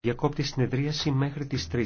Διακόπτη συνεδρίαση μέχρι τις 3.